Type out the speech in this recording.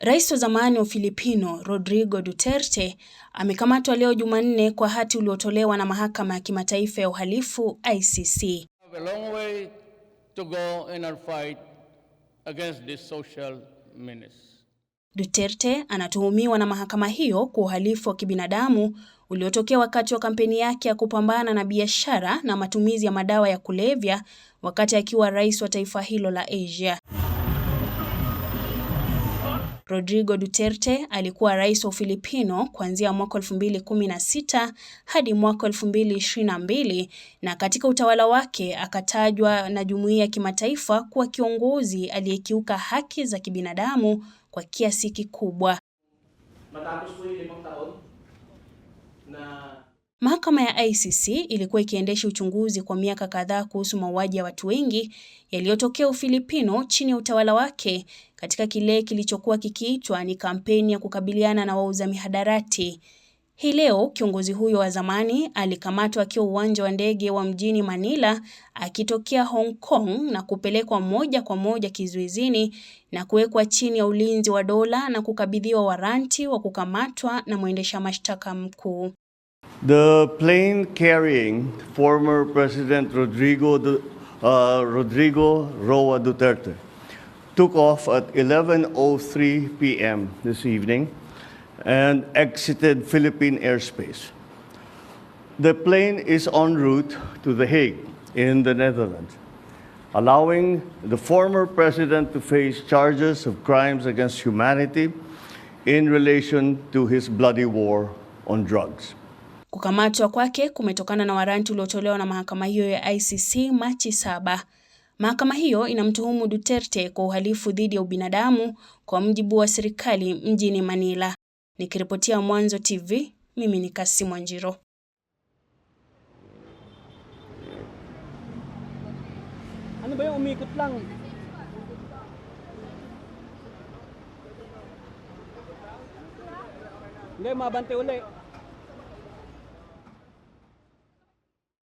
Rais wa zamani wa Filipino Rodrigo Duterte amekamatwa leo Jumanne kwa hati uliotolewa na mahakama ya kimataifa ya uhalifu ICC. Duterte anatuhumiwa na mahakama hiyo kwa uhalifu wa kibinadamu uliotokea wakati wa kampeni yake ya kupambana na biashara na matumizi ya madawa ya kulevya wakati akiwa rais wa taifa hilo la Asia. Rodrigo Duterte alikuwa rais wa Ufilipino kuanzia mwaka 2016 hadi mwaka 2022 na katika utawala wake akatajwa na jumuiya ya kimataifa kuwa kiongozi aliyekiuka haki za kibinadamu kwa kiasi kikubwa. Mahakama ya ICC ilikuwa ikiendesha uchunguzi kwa miaka kadhaa kuhusu mauaji ya watu wengi yaliyotokea Ufilipino chini ya utawala wake katika kile kilichokuwa kikiitwa ni kampeni ya kukabiliana na wauza mihadarati. Hii leo kiongozi huyo wa zamani alikamatwa akiwa uwanja wa ndege wa mjini Manila akitokea Hong Kong na kupelekwa moja kwa moja kizuizini na kuwekwa chini ya ulinzi wa dola na kukabidhiwa waranti wa kukamatwa na mwendesha mashtaka mkuu. The plane carrying former President Rodrigo, uh, Rodrigo Roa Duterte took off at 11.03 p.m. this evening and exited Philippine airspace. The plane is en route to The Hague in the Netherlands, allowing the former president to face charges of crimes against humanity in relation to his bloody war on drugs. Kukamatwa kwake kumetokana na waranti uliotolewa na mahakama hiyo ya ICC Machi saba. Mahakama hiyo inamtuhumu Duterte kwa uhalifu dhidi ya ubinadamu kwa mjibu wa serikali mjini Manila. Nikiripotia Mwanzo TV, mimi ni Kassim Wanjiro. Ano ba yung umikot lang? Hindi, mabante ulit.